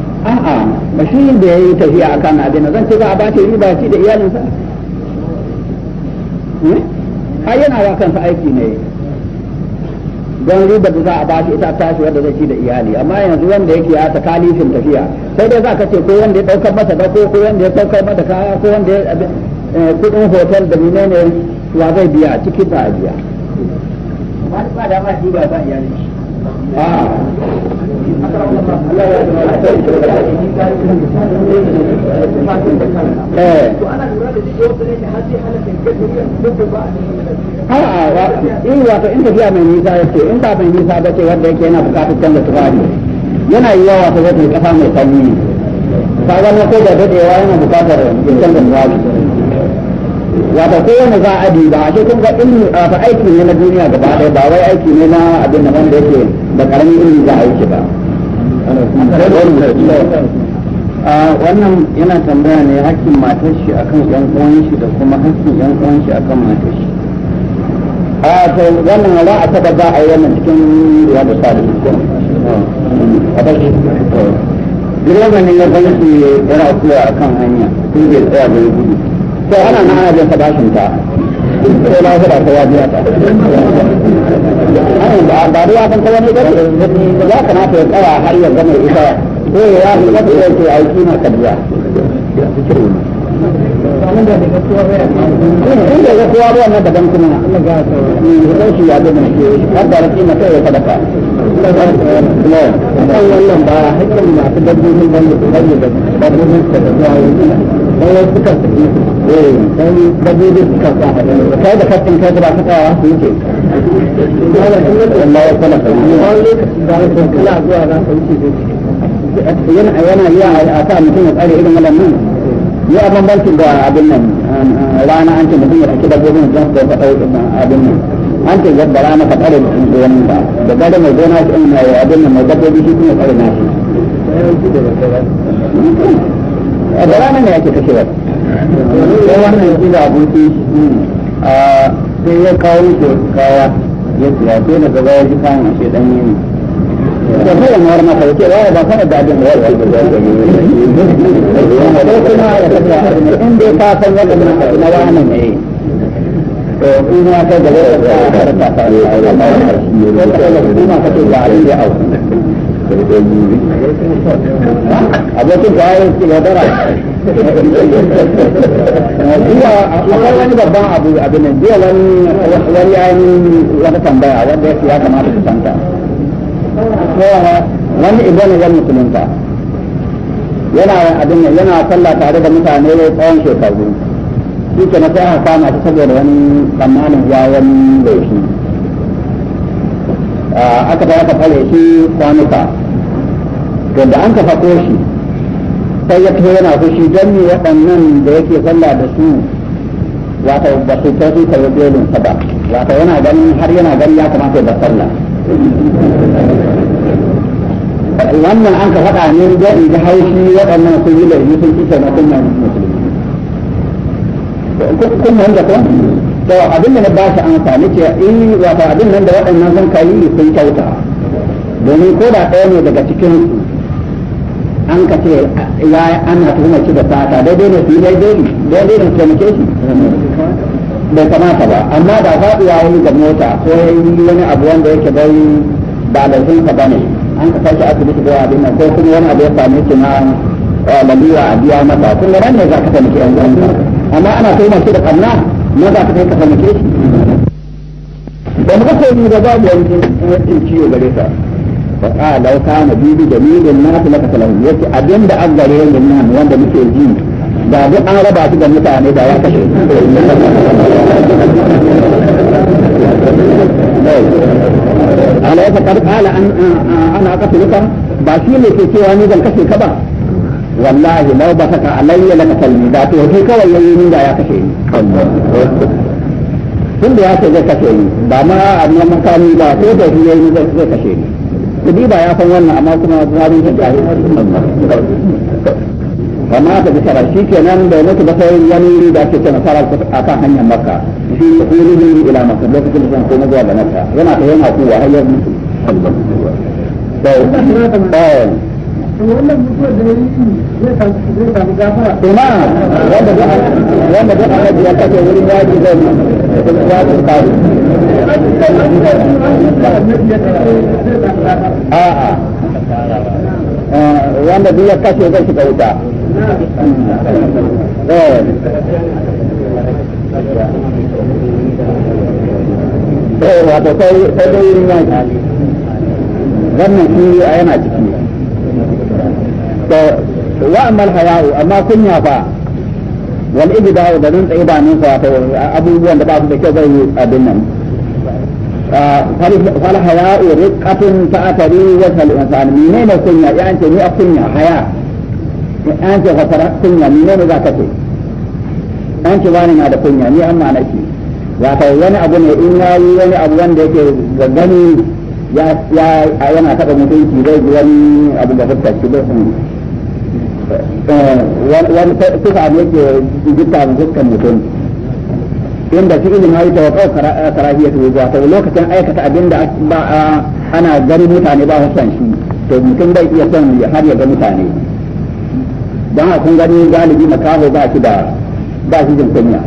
a'a ba shi da ya yi tafiya a kan abin zan ce za a bashi yi shi da iyalinsa hmm? ai yana wa kansa aiki ne don riba da za a bashi ita tashi wanda zai ci da iyali amma yanzu wanda yake ya takalifin tafiya sai dai za ka ce ko wanda ya daukar masa dako ko wanda ya daukar mata kaya ko wanda ya kudin eh, hotel da menene wa zai biya cikin ta biya ba da ba riba ba iyali a'a ba in wato in tafiya mai nisa ya ce in ba mai nisa ba ce wanda yake yana bukatar canza tufafi yana yi yawa ta zai kasa mai sanyi ka wannan ko da dadewa yana bukatar canza tufafi wato kowane za a ba a shi kun ga ilmi wato aiki ne na duniya gaba ɗaya ba wai aiki ne na abin da wanda yake da ƙaramin ilmi za a yi ba wannan yana tambaya ne hakkin matar shi akan yan uwan shi da kuma hakkin yan uwan shi akan matar shi a to wannan ra a taba za a yi wannan cikin ruwa da sadu a bashi direba ne ya shi yana kuwa akan hanya tun bai tsaya ya gudu to ana na ana jin ta sai lahira ta ya biya ta ba da ya san ta wani gari ya kamata ya tsaya har ya gama isa ko eh, ya yi wata ya ce aiki na kabiya eh, in da ga kowa ruwan na daban kuma eh, ya shi ya gama shi har da rafi na ya sadaka لا wannan ba hakan masu dabbobin ban da su da dabbobin da zuwa yanzu sai suka saki eh sai dabbobin suka sa kai da kafin kai ba ka tsawa su yake Allah ya sana kai wani lokacin da ka kula zuwa za ka wuce yana yana yi a sa mutum ya tsare irin wannan ya bambancin da abin nan rana an ce mutum ya saki dabbobin don su da abin nan an ce yadda rana ka tsare mutum gonan ba da gada mai gona shi in mai abin da mai dabbobi shi kuma tsare na shi eh, da rana ne ke kashe ba sai wannan shi da abokin ah, sai ya kawo shi wasu ya tsira sai na gaba ya ji kayan ashe ɗanye ne da kai yana wani maka yake wani ba sanar da abin da wani da kuma ya kasa in ka san yadda na wani ne in ya gaba da ta ta ko ta ta ce a a wani babban abu abin wani wani wata tambaya wanda ya kamata ku santa wani musulunta yana abin yana sallah tare da mutane tsawon shekaru shi ke na sai a kama shi saboda wani tsammanin ya wani laifi aka da aka fara shi kwanuka to an ka fako shi sai ya taho yana fushi don ne waɗannan da yake sallah da su wata ba su ta su karɓi belin sa ba wata yana ganin har yana ganin ya kamata ya sallah wannan an ka faɗa ne don in haushi waɗannan sun yi laifi sun na taimakon musulmi kun wanda ko to abin da na ba shi amsa nace eh wato abin nan da waɗannan sun kai sun kyauta domin ko da ɗaya ne daga cikin an ka ce ya ana tuhuma shi da fata daidai ne su daidai daidai ne taimake shi bai kamata ba amma da faɗuwa wani da mota ko yayi wani abu wanda yake bai ba da zinka bane an ka sashi asibiti da abin nan ko kuma wani abu ya same shi na eh, lalura a biya mata kun ga nan ne za ka taimake yan uwan amma ana kai masu da kanna na za ka kai ka fahimce shi da muka kai ni da babu wani ciwo gare ka fa qala kana bibi da ni jamilun nasu laka salahu yace da an gare ni nan wanda muke ji da duk an raba su da mutane da ya kashe ala yasa qad ala an ana aqtuluka ba shi ne ke cewa ni zan kashe ka ba wallahi lau ba saka alayya laka da to shi kawai yayi ni da ya kashe ni tun da ya ce zai kashe ni ba ma a amma makami ba ko da shi yayi zai kashe ni kudi ba ya san wannan amma kuma zarin shi jahil amma ta bisharar shi ke nan da mutu ba sai wani da ke cewa sarar a kan hanyar makka shi ya kuri ne ila makka lokacin da zan koma zuwa da makka yana ta yana kuwa har mutu wannan da zai samu gafara wanda ya wurin yaji zai da a'a eh, wanda duk ya kashe zai shiga wuta eh, eh wato sai dai yin yaji wannan shi yana ciki wa haya'u amma kunya fa wal ibda da nan tsaye ba nan fa abubuwan da ba su da kyau zai yi abin nan ah, fal haya'u riqatun ta'tari wa sal insan menene kunya ya an ce ni a kunya haya ya ce fa fara kunya menene za ka ce an ce wani na da kunya ni amma na ya wato wani abu ne in yayi wani abu wanda yake gani ya yana taba mutunci zai ji wani abu da fuskar shi Eh, wani tufa ne ke jikka dukkan mutum inda shi ilimin hari ta wakau eh, karahiyar wujuwa ta lokacin aikata abin da ana gari mutane ba su shi to mutum bai iya son har ya ga mutane don a kun gani galibi makaho ba shi da ba shi jin kunya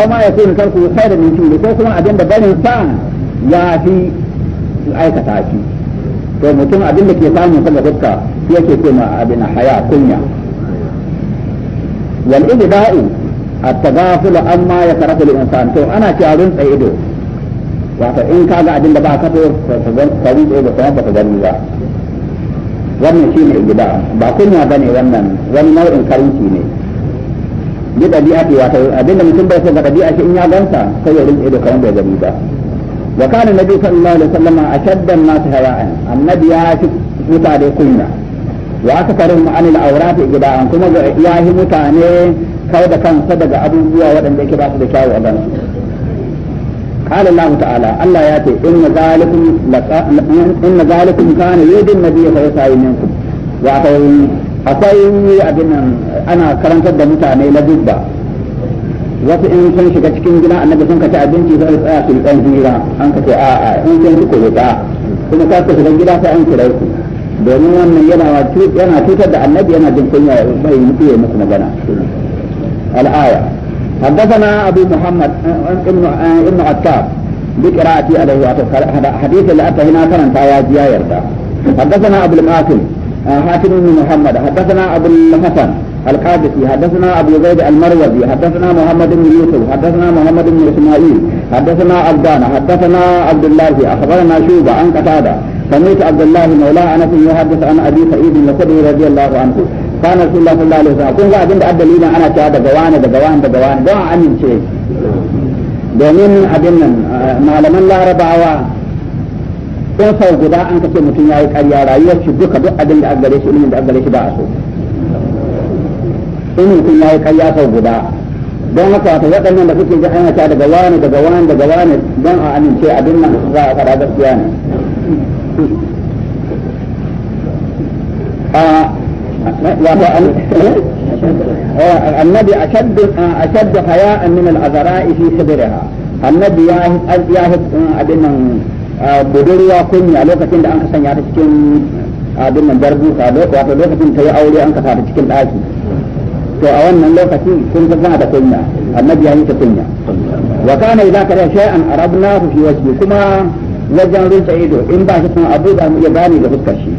aw ma karku sai da mutum da ko kuma abin da barin sa ya fi aikata shi to mutum abin da ke samu daga dukka shi yake ce ma abin haya kunya wal ibda'u at-tagaful amma ya tarafu lil insan to ana ce a rinsa ido wato in kaga abin da ba ka to ka rinsa ido kuma ba ka gani ba wannan shi ne ibda ba kunya bane wannan wani nau'in karinci ne ji ɗabi'a ta wato abin da mutum bai so ga ɗabi'a shi in ya gansa sai ya rinsa ido kamar bai gani ba وكان النبي صلى الله عليه وسلم أشد الناس هواء النبي ياشف متى كنا وأكثرهم عن الأوراق إجداء كما ياهي متى كيف كان صدق أبو بوا ودن ذيك بعض ذكاء وغنى قال الله تعالى الله ياتي إن ذلكم لقا... إن ذلكم كان يؤذي النبي فيسعي منكم وأتوا أقوي أبنا أنا كرمت الدمتاني لدبا wasu in sun shiga cikin gida annabi sun kaci abinci sai tsaya su dan jira an kace a a in sun ku ta kuma ka ku shiga gida sai an kira ku domin wannan yana yana cutar da annabi yana jin kunya bai mutu ya muku magana al-aya حدثنا ابو محمد ابن ابن عتاب بقراءتي عليه حديث اللي اتى هنا كان تايا حدثنا ابو المعاصم حاتم بن محمد حدثنا الحسن القادسي حدثنا ابو زيد المروزي حدثنا محمد بن يوسف حدثنا محمد بن اسماعيل حدثنا عبدان حدثنا عبد الله اخبرنا شوبه عن قتاده سمعت عبد الله مولى انس يحدث عن ابي سعيد الخدري رضي الله عنه كان رسول الله صلى الله عليه وسلم kun ga abin da ana cewa daga wani daga wani daga wani don amince domin abin nan malaman larabawa sun sau guda an kace mutum yi ƙarya rayuwar shi duka duk abin da an gare shi ilimin da an gare shi ba a so in mutum ya yi karya sau guda don haka wata waɗannan da kuke ji ana ta daga wani daga wani daga wani don a amince abin nan za a fara gaskiya ne eh, annabi ashaddu haya'an min al'azara'i fi sidriha annabi ya ya eh, abin nan eh, budurwa kunya lokacin da an ka sanya ta cikin abin nan darbuka wato lokacin ta yi aure an ka ta cikin ɗaki to a wannan lokacin kun ga ba da kunya annabi ya yi ta kunya wa kana idza kada shay'an arabnahu fi wajhi kuma wajen rinta ido in ba shi san abu da mu iya gane da fuskar shi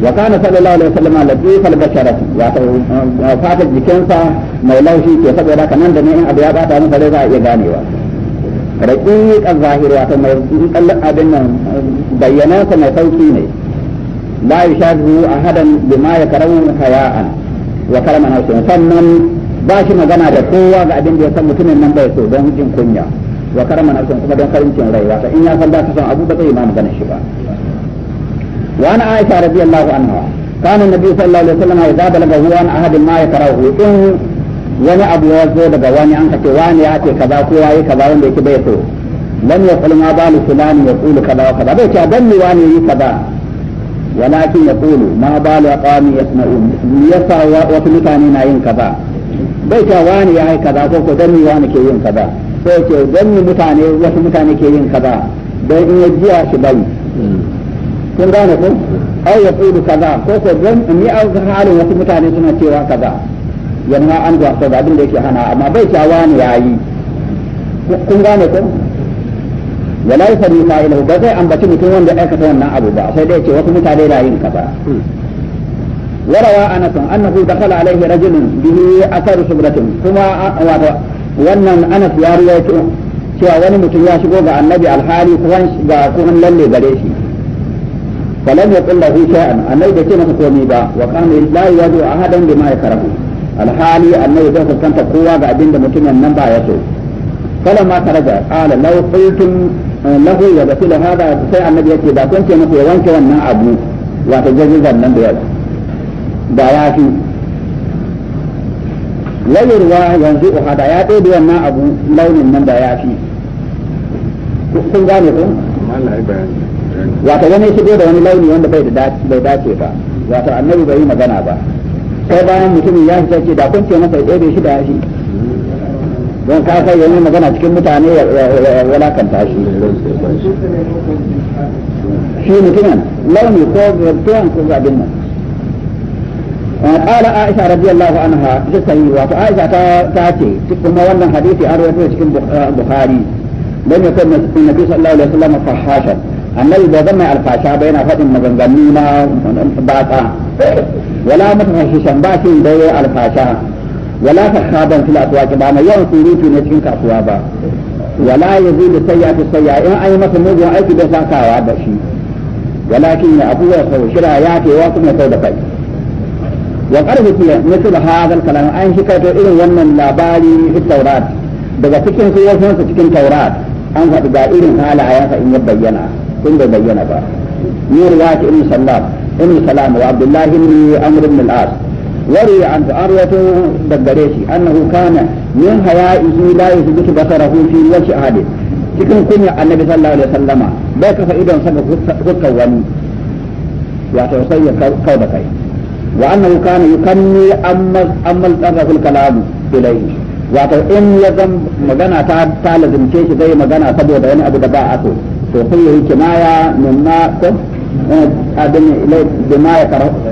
wa kana sallallahu alaihi wasallam latif al-basharat wa ta uh, uh, fatar jikinsa mai laushi ke saboda kanan da ne in abu ya bata masa rai za a iya ganewa raqiq az-zahir wa ta mai kallan abin nan bayyanansa mai sauki ne la yashadu ahadan bima yakrahu haya'an wa karama na shi sannan ba shi magana da kowa ga abin da ya san mutumin nan bai so don jin kunya wa karama na shi kuma don karincin rai wato in ya san ba su san abu ba zai ma magana shi ba wa ana aisha radiyallahu anha kana nabi sallallahu alaihi wasallam ya zaba laga huwa an ahadin ma ya karahu in wani abu ya zo daga wani an kace wani ya ce kaza ko yayi kaza wanda yake bai so lam yaqul ma balu fulani yaqulu kaza wa kaza bai ce dan ni wani yi kaza ولكن يقول ما بال قام يسمعون يسا وتمتاني ناين كذا بيتا واني ياي كذا كوكو دمي واني كي ين كذا بيتا دمي متاني وتمتاني كي ين كذا بين يجيا شبل kun gane ko ai ya kudu kaza ko ko dan ni an ga halin wasu mutane suna cewa kaza yamma an ga abin da yake hana amma bai cewa wani yayi kun gane ko wala yusari fa'ilahu ba zai ambaci mutum wanda aikata wannan abu ba sai dai ce wasu mutane na yin kaza hmm. warawa anas da kala alaihi rajulun bihi athar subratin kuma wato wannan anas ya riwayo cewa wani mutum ya shigo ga annabi alhali kuwan ga kuwan lalle gare shi falam yaqul lahu shay'an annabi bai ce masa komai ba wa kana la yadu ahadan bima yakrahu alhali annabi bai fuskanta kowa ga abinda mutumin nan ba ya so فلما خرج قال لو قلتم lahu ya da da hada sai annabi yake da kun ce muku ya wanke wannan abu wato jazizan nan da yawa da ya fi wa yanzu uhada ya ɗaya da wannan abu launin nan da ya fi kun gane ko wato wani shigo da wani launi wanda bai dace ba wato annabi bai yi magana ba sai bayan mutumin ya fita ce da kun ce masa ya ɗaya da shi da ya fi don ka kai yayi magana cikin mutane ya walakanta shi shi mutumin launi ko tuwan ko zabin nan قال عائشة رضي الله عنها تاتي حديثي أروي في لم يكن النبي صلى الله عليه وسلم فحاشا ba yana faɗin maganganu na batsa wala mutafashishan ba shi wala fasadan fil aswaqi ba mai yawan surutu na cikin kasuwa ba wala yazidu sayyatu sayya in ai masa mugun aiki da sakawa da shi walakin ya abuwa sau shira ya ke wa kuma sau da kai wa qarhu fi mithl hadha al-kalam an shi kai irin wannan labari fi taurat daga cikin sunan sa cikin taurat an faɗi ga irin halayensa in ya bayyana in bai bayyana ba ni riwayat ibn sallam ibn salam wa abdullah ibn amr ibn al-as وروي عن أروة دقريشي أنه كان من حيائه لا يثبت بصره في وجه أحد cikin kunya annabi sallallahu alaihi wasallama bai kafa idon saka hukkan wani wato sai ya da kai wa annahu kana yukanni amma amma wato in ya zan magana ta ta shi zai magana saboda wani abu da ba a so to sai yayi kinaya ko eh, abin ilai bima ya karahu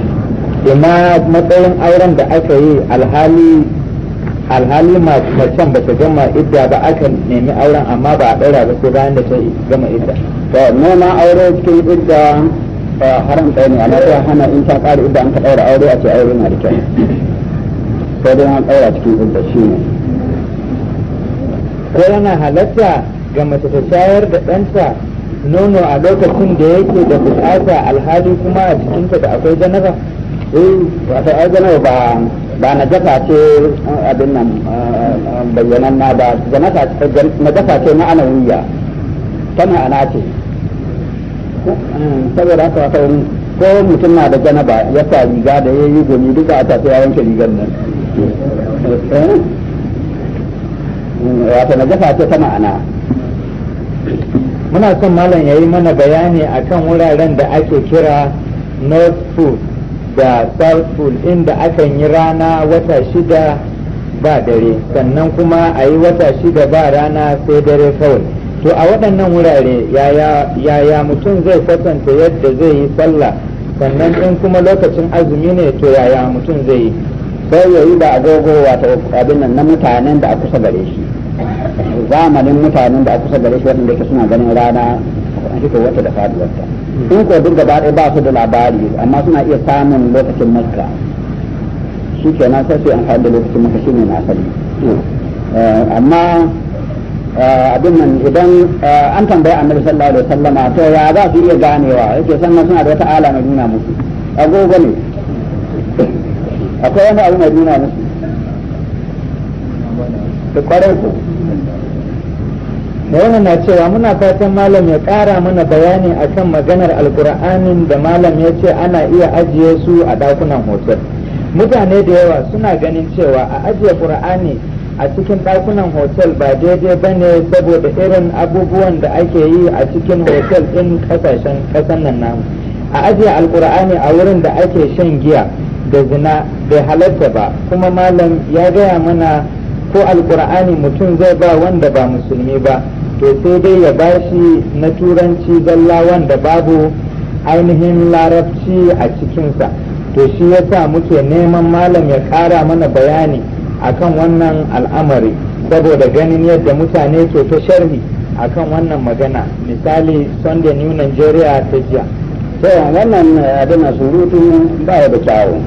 kuma matsayin auren da aka yi alhali alhali macen ba ta gama idda ba aka nemi auren amma ba a ɗaura ba sai bayan da ta gama idda to nema aure cikin idda haram tsaye ne amma ta hana in ta ƙara idda an ka ɗaura aure a ce aure na da kyau sai dai an ɗaura cikin idda shi ne ko yana halatta ga mace ta shayar da ɗanta nono a lokacin da yake da bukata alhali kuma a cikinta da akwai janaba Eh, wata ai gano ba ba na jafa ce eh, abin nan eh, bayyanan na ba na jafa ce na ana wuya ta ma'ana ce saboda haka wata ko mutum na da ba ya sa riga da ya yi gumi duka a tafiya yanke rigar nan wata na jafa ce ta ma'ana muna son malam ya yi mana bayani akan wuraren da ake kira north food da sarful inda akan yi rana wata shida ba dare sannan kuma a yi wata shida ba rana sai dare kawai to a waɗannan wurare yaya mutum zai kwatanta yadda zai yi sallah sannan in kuma lokacin azumi ne to yaya mutum zai yi sai ya yi da agogo wata abin nan na mutanen da a kusa gare shi zamanin mutanen da a kusa gare shi waɗanda ke suna ganin rana a wata da faɗuwarta in ko duk gaba ɗaya ba su da labari amma suna iya samun lokacin makka shi ke nan sai su yi da lokacin makka shi ne na asali eh, amma eh, abin nan idan eh, an tambaya annabi sallallahu alaihi wasallama to ya za su iya ganewa yake sannan suna da wata ala mai nuna musu agogo ne akwai wani abu mai nuna musu da kwarai ko wani na cewa muna fatan malam ya ƙara mana bayani akan maganar alkur'anin da malam ya ce ana iya ajiye su a ɗakunan hotel mutane da yawa suna ganin cewa a ajiye qur'ani a cikin ɗakunan hotel ba daidai ba ne saboda irin abubuwan da ake yi a cikin hotel ɗin ƙasashen ƙasan nan namu a ajiye alkur'ani a wurin da ake shan giya da zina bai halatta ba kuma malam ya gaya mana ko alkur'ani mutum zai ba wanda ba musulmi ba to sai dai ya ba shi na turanci zalla wanda babu ainihin larabci a cikinsa to shi yasa muke neman malam ya ƙara mana bayani akan wannan al'amari saboda ganin yadda mutane ke ta sharhi kan wannan magana misali sunday new nigeria ta jiya to wannan eh, abin surutu ba da kyawu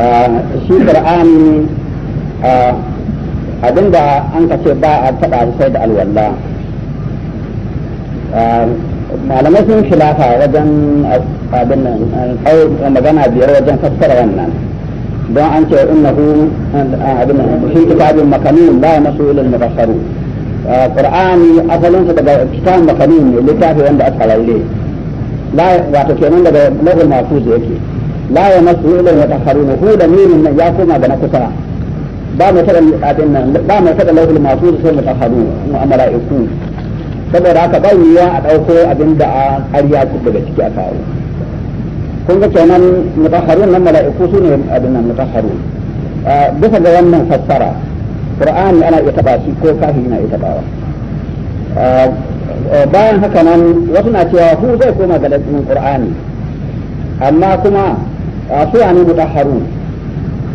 ah, shi qur'ani ah, abinda an ka ce ba a taɓa sai da alwala ah, malamai sun shilafa wajen ah, abin magana biyar wajen fassara wannan don an ce hu ah, abin shi kitabin ba la masu ilal mubassaru qur'ani asalin sa daga kitabin makamin ne littafi wanda aka lalle la wato kenan daga lahul mahfuz yake la masu ilal mubassaru hu da mimin ya koma ga na kusa ba mai fada abin nan ba mai taɗa laifin masu sai mutaharu mu'amala iku saboda haka ba yiwuwa a ɗauko abin da a ƙarya daga ciki a kawo kun ga kenan mutaharun nan mala'iku su ne abin nan mutaharun bisa ga wannan fassara qur'ani ana iya taba shi ko kafiri na iya ba bayan haka nan wasu na cewa hu zai koma ga dalilin qur'ani amma kuma su ne mutaharun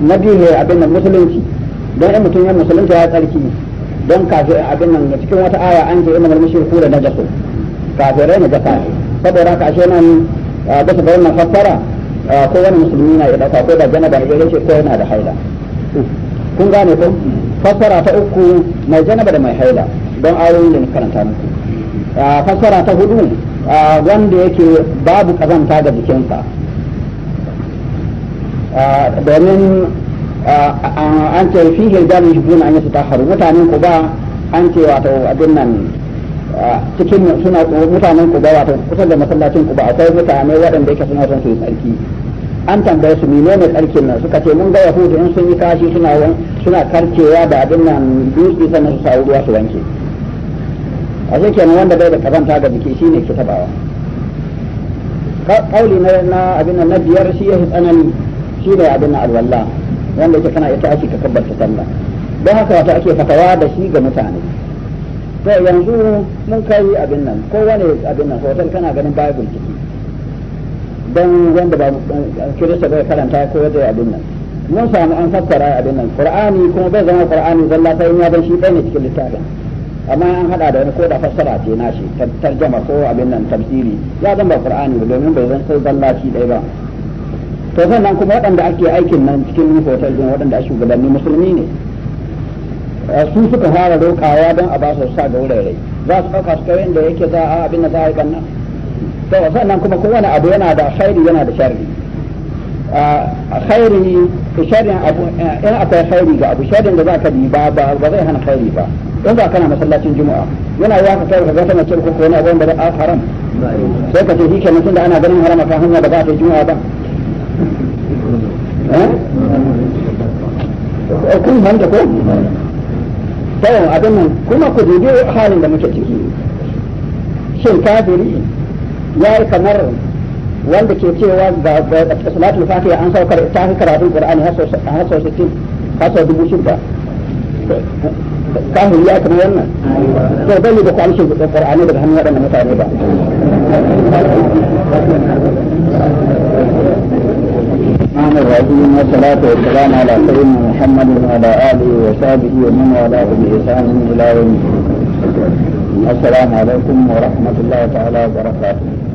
na biyu ne abin nan musulunci don in mutum ya musulunta ya tsarki don kafin abin nan cikin wata aya an ce inna mushriku da najasu kafirai na jasa saboda haka ashe nan da su bayan fassara ko wani musulmi na ya dauka ko da janaba ya race ko yana da haila kun gane ko fassara ta uku mai janaba da mai haila don ayoyin da ni karanta muku fassara ta hudu wanda yake babu kazanta ga jikinsa domin an ce fi hirgar shi biyu an yi su taharu mutanen ku ba an ce wato abin nan cikin suna mutanen ku ba wato kusan da masallacin ku ba akwai mutane waɗanda yake suna son su yi tsarki an tambaye su ne tsarkin nan suka ce mun ga yahudu in sun yi kashi suna suna karcewa da abin nan dutse sannan su samu ruwa su wanke a shi kenan wanda bai da kazanta ga jiki shine ke tabawa kauli na abin nan na biyar shi ya fi tsanani shi ne abin na alwallah wanda yake kana ita ake ka kabbarta sallah don haka wata ake fatawa da shi ga mutane to yanzu mun kai abin nan wani abin nan hotel kana ganin bible ciki don wanda ba eh, kirista bai karanta ko da abin nan mun samu an fassara abin nan qur'ani kuma bai zama qur'ani zalla sai ya dan shi ne cikin littafin amma an hada da wani ko da fassara ce na shi tarjama ko abin nan tafsiri ya zama qur'ani domin bai zan sai zalla shi ɗaya ba to sannan kuma waɗanda ake aikin nan cikin hotel din waɗanda ake shugabanni musulmi ne eh, su suka fara rokawa don a ba su sa ga wurare za su ɗauka su kai inda yake za a abin da za a yi ɓanna to sannan kuma kowane abu yana da khairi yana da sharri eh, khairi sharrin abu eh, in akwai khairi ga abu sharrin da za ka bi ba ba zai hana khairi ba in ba kana masallacin juma'a yana yi haka kai ka ga tana ko wani abu da haram sai ka ce shi kenan tunda ana ganin haramaka kan hanya ba za ta yi juma'a ba Eh? kun manta ko ta yau abin nan kuma ku dubi halin da muke ciki shin kafiri ya yi kamar wanda ke cewa ga salatul fatiha an saukar ta fi karatun qur'ani har sau 60 har sau dubu shida kafiri ya kamar wannan to bai da da qur'ani daga hannun waɗannan mutane ba الرحمن الرحيم والصلاة والسلام على سيدنا محمد وعلى آله وصحبه ومن والاه بإحسان إلى يوم الدين. السلام عليكم ورحمة الله تعالى وبركاته